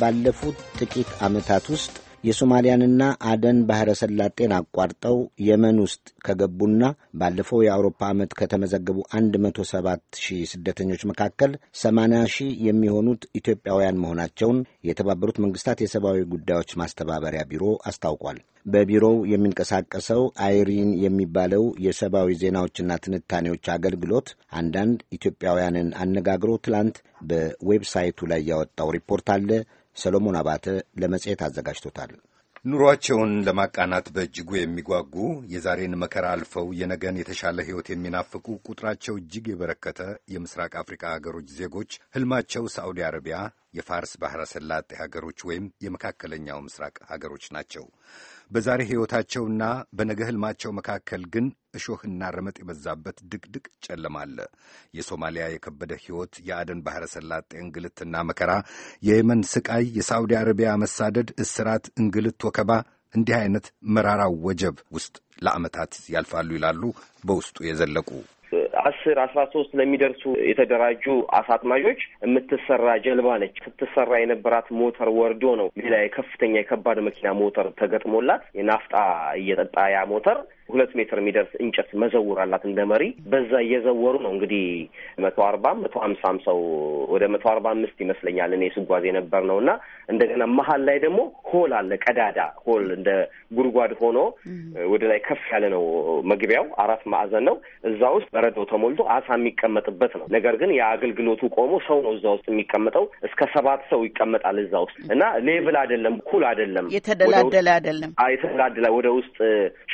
ባለፉት ጥቂት ዓመታት ውስጥ የሶማሊያንና አደን ባሕረ ሰላጤን አቋርጠው የመን ውስጥ ከገቡና ባለፈው የአውሮፓ ዓመት ከተመዘገቡ 107 ሺህ ስደተኞች መካከል 80 ሺህ የሚሆኑት ኢትዮጵያውያን መሆናቸውን የተባበሩት መንግሥታት የሰብአዊ ጉዳዮች ማስተባበሪያ ቢሮ አስታውቋል። በቢሮው የሚንቀሳቀሰው አይሪን የሚባለው የሰብአዊ ዜናዎችና ትንታኔዎች አገልግሎት አንዳንድ ኢትዮጵያውያንን አነጋግሮ ትላንት በዌብሳይቱ ላይ ያወጣው ሪፖርት አለ። ሰሎሞን አባተ ለመጽሔት አዘጋጅቶታል። ኑሯቸውን ለማቃናት በእጅጉ የሚጓጉ የዛሬን መከራ አልፈው የነገን የተሻለ ሕይወት የሚናፍቁ ቁጥራቸው እጅግ የበረከተ የምስራቅ አፍሪካ ሀገሮች ዜጎች ህልማቸው ሳዑዲ አረቢያ፣ የፋርስ ባሕረ ሰላጤ ሀገሮች ወይም የመካከለኛው ምስራቅ ሀገሮች ናቸው። በዛሬ ሕይወታቸውና በነገ ሕልማቸው መካከል ግን እሾህና ረመጥ የበዛበት ድቅድቅ ጨለማ አለ። የሶማሊያ የከበደ ሕይወት፣ የአደን ባሕረ ሰላጤ እንግልትና መከራ፣ የየመን ስቃይ፣ የሳዑዲ አረቢያ መሳደድ፣ እስራት፣ እንግልት፣ ወከባ እንዲህ አይነት መራራው ወጀብ ውስጥ ለዓመታት ያልፋሉ ይላሉ በውስጡ የዘለቁ አስር አስራ ሶስት ለሚደርሱ የተደራጁ አሳ አጥማጆች የምትሰራ ጀልባ ነች። ስትሰራ የነበራት ሞተር ወርዶ ነው ሌላ የከፍተኛ የከባድ መኪና ሞተር ተገጥሞላት የናፍጣ እየጠጣ ያ ሞተር ሁለት ሜትር የሚደርስ እንጨት መዘውር አላት እንደ መሪ። በዛ እየዘወሩ ነው እንግዲህ መቶ አርባ መቶ ሀምሳም ሰው ወደ መቶ አርባ አምስት ይመስለኛል እኔ ስጓዝ የነበር ነው እና እንደገና መሀል ላይ ደግሞ ሆል አለ ቀዳዳ ሆል እንደ ጉድጓድ ሆኖ ወደ ላይ ከፍ ያለ ነው መግቢያው። አራት ማዕዘን ነው። እዛ ውስጥ በረዶ ተሞልቶ አሳ የሚቀመጥበት ነው። ነገር ግን የአገልግሎቱ ቆሞ ሰው ነው እዛ ውስጥ የሚቀመጠው። እስከ ሰባት ሰው ይቀመጣል እዛ ውስጥ እና ሌብል አይደለም፣ ኩል አይደለም፣ የተደላደለ አይደለም። የተደላደለ ወደ ውስጥ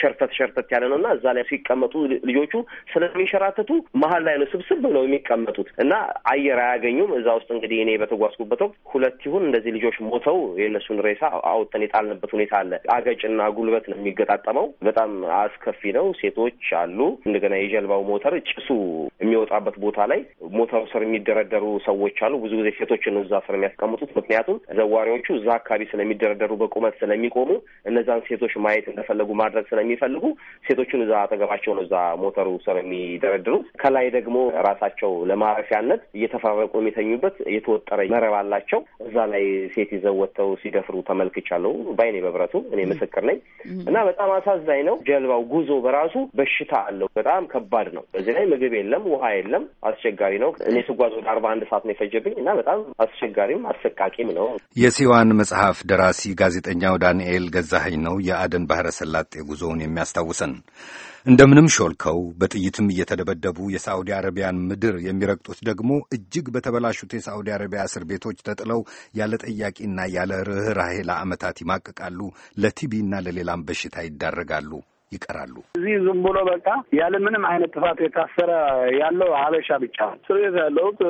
ሸርተት ሸርተት በርከት ያለ ነው እና እዛ ላይ ሲቀመጡ ልጆቹ ስለሚንሸራተቱ መሀል ላይ ነው ስብስብ ብለው የሚቀመጡት እና አየር አያገኙም። እዛ ውስጥ እንግዲህ እኔ በተጓዝኩበት ወቅት ሁለት ይሁን እንደዚህ ልጆች ሞተው የእነሱን ሬሳ አውጥተን የጣልንበት ሁኔታ አለ። አገጭና ጉልበት ነው የሚገጣጠመው። በጣም አስከፊ ነው። ሴቶች አሉ። እንደገና የጀልባው ሞተር ጭሱ የሚወጣበት ቦታ ላይ ሞተሩ ስር የሚደረደሩ ሰዎች አሉ። ብዙ ጊዜ ሴቶችን እዛ ስር የሚያስቀምጡት ምክንያቱም ዘዋሪዎቹ እዛ አካባቢ ስለሚደረደሩ በቁመት ስለሚቆሙ እነዛን ሴቶች ማየት እንደፈለጉ ማድረግ ስለሚፈልጉ ሴቶቹን እዛ አጠገባቸውን እዛ ሞተሩ ስር የሚደረድሩት ከላይ ደግሞ ራሳቸው ለማረፊያነት እየተፈራረቁ የሚተኙበት የተወጠረ መረብ አላቸው። እዛ ላይ ሴት ይዘው ወጥተው ሲደፍሩ ተመልክቻለሁ ባይኔ በብረቱ እኔ ምስክር ነኝ። እና በጣም አሳዛኝ ነው። ጀልባው ጉዞ በራሱ በሽታ አለው። በጣም ከባድ ነው። በዚህ ላይ ምግብ የለም፣ ውሃ የለም። አስቸጋሪ ነው። እኔ ስጓዝ ወደ አርባ አንድ ሰዓት ነው የፈጀብኝ እና በጣም አስቸጋሪም አሰቃቂም ነው። የሲዋን መጽሐፍ ደራሲ ጋዜጠኛው ዳንኤል ገዛኸኝ ነው የአደን ባህረ ሰላጤ ጉዞውን የሚያስታውሰ ሐሰን እንደምንም ሾልከው በጥይትም እየተደበደቡ የሳዑዲ አረቢያን ምድር የሚረግጡት ደግሞ እጅግ በተበላሹት የሳዑዲ አረቢያ እስር ቤቶች ተጥለው ያለ ጠያቂና ያለ ርኅራሄ ለዓመታት ይማቅቃሉ፣ ለቲቢና ለሌላም በሽታ ይዳረጋሉ። ይቀራሉ። እዚህ ዝም ብሎ በቃ ያለ ምንም አይነት ጥፋት የታሰረ ያለው ሀበሻ ብቻ ነው። እስር ቤት ያለሁት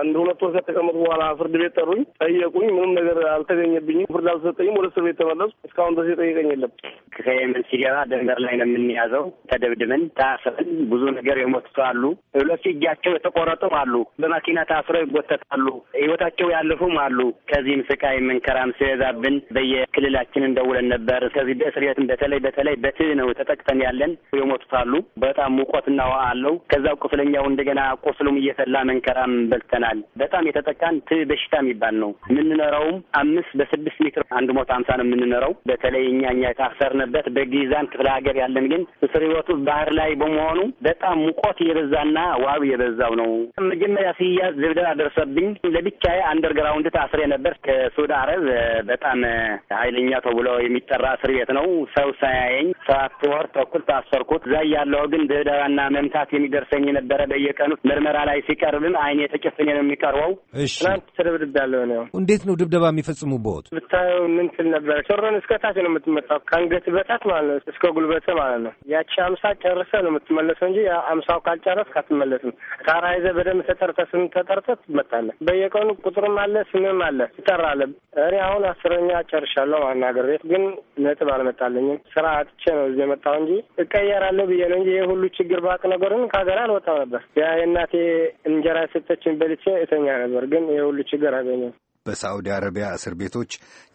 አንድ ሁለት ወር ከተቀመጡ በኋላ ፍርድ ቤት ጠሩኝ፣ ጠየቁኝ። ምንም ነገር አልተገኘብኝም፣ ፍርድ አልተሰጠኝም። ወደ እስር ቤት ተመለሱ። እስካሁን ድረስ የጠየቀኝ የለም። ከየመን ሲገባ ደንበር ላይ ነው የምንያዘው። ተደብድመን ታስረን ብዙ ነገር የሞቱ አሉ። ሌሎች እጃቸው የተቆረጡም አሉ። በመኪና ታስረው ይጎተታሉ። ህይወታቸው ያለፉም አሉ። ከዚህም ስቃይ መንከራም ሲበዛብን በየክልላችን እንደውለን ነበር። ከዚህ በእስር ቤትም በተለይ በተለይ በትህ ነው ተጠቅተን ያለን የሞቱት አሉ። በጣም ሙቆትና ውሃ አለው። ከዛው ቁስለኛው እንደገና ቁስሉም እየሰላ መንከራም በልተናል። በጣም የተጠቃን ት በሽታ የሚባል ነው። የምንኖረውም አምስት በስድስት ሜትር አንድ ሞት ሀምሳ ነው የምንኖረው። በተለይ እኛ እኛ የታሰርንበት በጊዛን ክፍለ ሀገር ያለን ግን እስር ህይወቱ ባህር ላይ በመሆኑ በጣም ሙቆት የበዛና ዋብ የበዛው ነው። መጀመሪያ ስያዝ ዝብደላ ደርሰብኝ። ለብቻዬ አንደርግራውንድ ታስሬ ነበር። ከሱድ አረብ በጣም ኃይለኛ ተብሎ የሚጠራ እስር ቤት ነው። ሰው ሳያየኝ ሰባት ወር ተኩል ታሰርኩት። እዛ እያለሁ ግን ድብደባና መምታት የሚደርሰኝ የነበረ በየቀኑ ምርመራ ላይ ሲቀርብም አይኔ ተጨፍኔ ነው የሚቀርበው። ትናንት ተደብድቤያለሁ ነው። እንዴት ነው ድብደባ የሚፈጽሙበት? ብታየው ምን ትል ነበረ? ሶሮን እስከ ታች ነው የምትመጣው፣ ከአንገት በታች ማለት ነው፣ እስከ ጉልበት ማለት ነው። ያቺ አምሳ ጨርሰ ነው የምትመለሰው እንጂ አምሳው ካልጨረስ ካትመለስም ታራ ይዘህ በደንብ ተጠርተህ ስም ተጠርተህ ትመታለህ። በየቀኑ ቁጥርም አለ ስምም አለ ይጠራለ። እኔ አሁን አስረኛ ጨርሻለሁ። ዋና ሀገር ቤት ግን ነጥብ አልመጣለኝም። ስራ አጥቼ ነው እዚህ የወጣው እንጂ እቀየራለሁ ብዬ ነው እንጂ ይህ ሁሉ ችግር ባቅ ነገሩን ከሀገር አልወጣ ነበር። ያ የእናቴ እንጀራ የሰጠችን በልቼ እተኛ ነበር። ግን ይህ ሁሉ ችግር አገኘው። በሳዑዲ አረቢያ እስር ቤቶች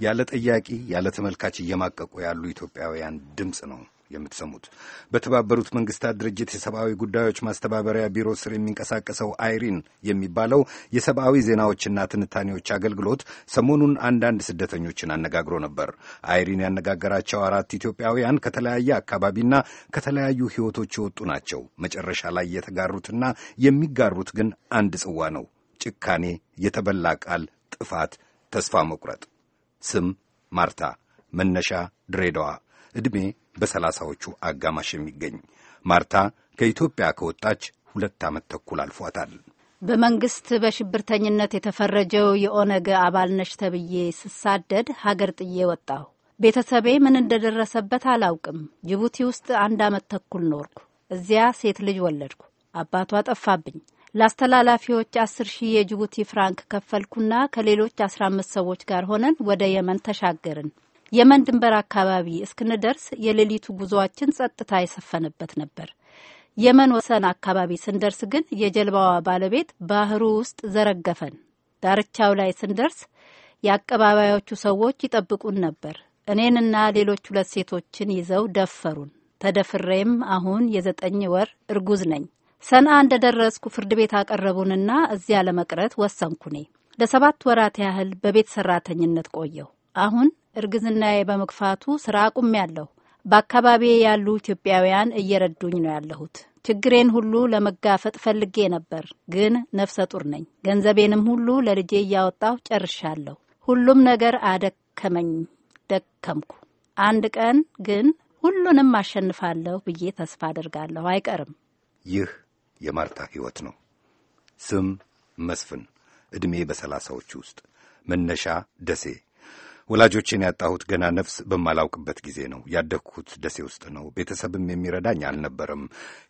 ያለ ጠያቂ ያለ ተመልካች እየማቀቁ ያሉ ኢትዮጵያውያን ድምፅ ነው። የምትሰሙት በተባበሩት መንግስታት ድርጅት የሰብአዊ ጉዳዮች ማስተባበሪያ ቢሮ ስር የሚንቀሳቀሰው አይሪን የሚባለው የሰብአዊ ዜናዎችና ትንታኔዎች አገልግሎት ሰሞኑን አንዳንድ ስደተኞችን አነጋግሮ ነበር። አይሪን ያነጋገራቸው አራት ኢትዮጵያውያን ከተለያየ አካባቢና ከተለያዩ ህይወቶች የወጡ ናቸው። መጨረሻ ላይ የተጋሩትና የሚጋሩት ግን አንድ ጽዋ ነው። ጭካኔ፣ የተበላ ቃል፣ ጥፋት፣ ተስፋ መቁረጥ። ስም ማርታ መነሻ ድሬዳዋ ዕድሜ በሰላሳዎቹ አጋማሽ የሚገኝ ማርታ ከኢትዮጵያ ከወጣች ሁለት ዓመት ተኩል አልፏታል። በመንግስት በሽብርተኝነት የተፈረጀው የኦነግ አባል ነሽ ተብዬ ስሳደድ ሀገር ጥዬ ወጣሁ። ቤተሰቤ ምን እንደደረሰበት አላውቅም። ጅቡቲ ውስጥ አንድ ዓመት ተኩል ኖርኩ። እዚያ ሴት ልጅ ወለድኩ። አባቷ ጠፋብኝ። ለአስተላላፊዎች አስር ሺህ የጅቡቲ ፍራንክ ከፈልኩና ከሌሎች አስራ አምስት ሰዎች ጋር ሆነን ወደ የመን ተሻገርን። የመን ድንበር አካባቢ እስክንደርስ የሌሊቱ ጉዞአችን ጸጥታ የሰፈነበት ነበር። የመን ወሰን አካባቢ ስንደርስ ግን የጀልባዋ ባለቤት ባህሩ ውስጥ ዘረገፈን። ዳርቻው ላይ ስንደርስ የአቀባባዮቹ ሰዎች ይጠብቁን ነበር። እኔንና ሌሎች ሁለት ሴቶችን ይዘው ደፈሩን። ተደፍሬም አሁን የዘጠኝ ወር እርጉዝ ነኝ። እንደ ደረስኩ ፍርድ ቤት አቀረቡንና እዚያ ለመቅረት ወሰንኩኔ። ለሰባት ወራት ያህል በቤት ሰራተኝነት ቆየሁ። አሁን እርግዝናዬ በመግፋቱ ስራ ያለሁ በአካባቢ ያሉ ኢትዮጵያውያን እየረዱኝ ነው ያለሁት። ችግሬን ሁሉ ለመጋፈጥ ፈልጌ ነበር፣ ግን ነፍሰ ጡር ነኝ። ገንዘቤንም ሁሉ ለልጄ እያወጣሁ ጨርሻለሁ። ሁሉም ነገር አደከመኝ፣ ደከምኩ። አንድ ቀን ግን ሁሉንም አሸንፋለሁ ብዬ ተስፋ አደርጋለሁ። አይቀርም። ይህ የማርታ ሕይወት ነው። ስም መስፍን፣ ዕድሜ በሰላሳዎች ውስጥ መነሻ ደሴ ወላጆቼን ያጣሁት ገና ነፍስ በማላውቅበት ጊዜ ነው። ያደግኩት ደሴ ውስጥ ነው። ቤተሰብም የሚረዳኝ አልነበረም።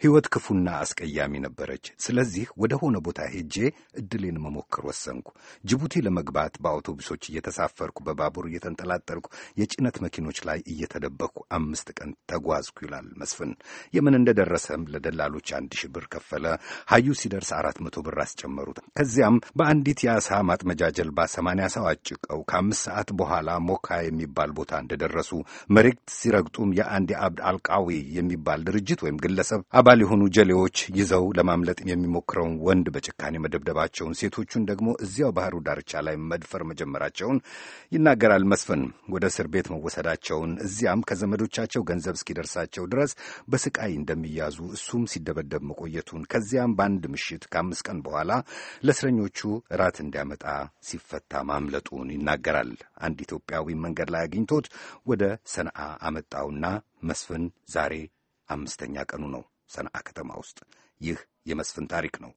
ሕይወት ክፉና አስቀያሚ ነበረች። ስለዚህ ወደ ሆነ ቦታ ሄጄ እድሌን መሞከር ወሰንኩ። ጅቡቲ ለመግባት በአውቶቡሶች እየተሳፈርኩ፣ በባቡር እየተንጠላጠልኩ፣ የጭነት መኪኖች ላይ እየተደበቅኩ አምስት ቀን ተጓዝኩ ይላል መስፍን። የምን እንደደረሰም ለደላሎች አንድ ሺህ ብር ከፈለ። ሀዩ ሲደርስ አራት መቶ ብር አስጨመሩት። ከዚያም በአንዲት የአሳ ማጥመጃ ጀልባ ሰማንያ ሰው አጭቀው ከአምስት ሰዓት በኋላ በኋላ ሞካ የሚባል ቦታ እንደደረሱ መሬት ሲረግጡም የአንድ የአብድ አልቃዊ የሚባል ድርጅት ወይም ግለሰብ አባል የሆኑ ጀሌዎች ይዘው ለማምለጥ የሚሞክረውን ወንድ በጭካኔ መደብደባቸውን፣ ሴቶቹን ደግሞ እዚያው ባህሩ ዳርቻ ላይ መድፈር መጀመራቸውን ይናገራል መስፍን። ወደ እስር ቤት መወሰዳቸውን እዚያም ከዘመዶቻቸው ገንዘብ እስኪደርሳቸው ድረስ በስቃይ እንደሚያዙ እሱም ሲደበደብ መቆየቱን ከዚያም በአንድ ምሽት ከአምስት ቀን በኋላ ለእስረኞቹ እራት እንዲያመጣ ሲፈታ ማምለጡን ይናገራል። አንድ ኢትዮጵያዊ መንገድ ላይ አግኝቶት ወደ ሰንአ አመጣውና መስፍን ዛሬ አምስተኛ ቀኑ ነው ሰነአ ከተማ ውስጥ። ይህ የመስፍን ታሪክ ነው።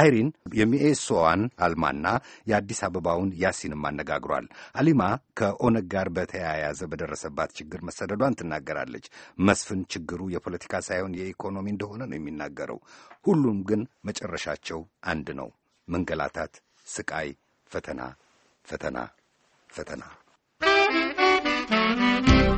አይሪን የሚኤሶዋን አልማና የአዲስ አበባውን ያሲንም አነጋግሯል። አሊማ ከኦነግ ጋር በተያያዘ በደረሰባት ችግር መሰደዷን ትናገራለች። መስፍን ችግሩ የፖለቲካ ሳይሆን የኢኮኖሚ እንደሆነ ነው የሚናገረው። ሁሉም ግን መጨረሻቸው አንድ ነው፤ መንገላታት፣ ስቃይ፣ ፈተና፣ ፈተና ፈተና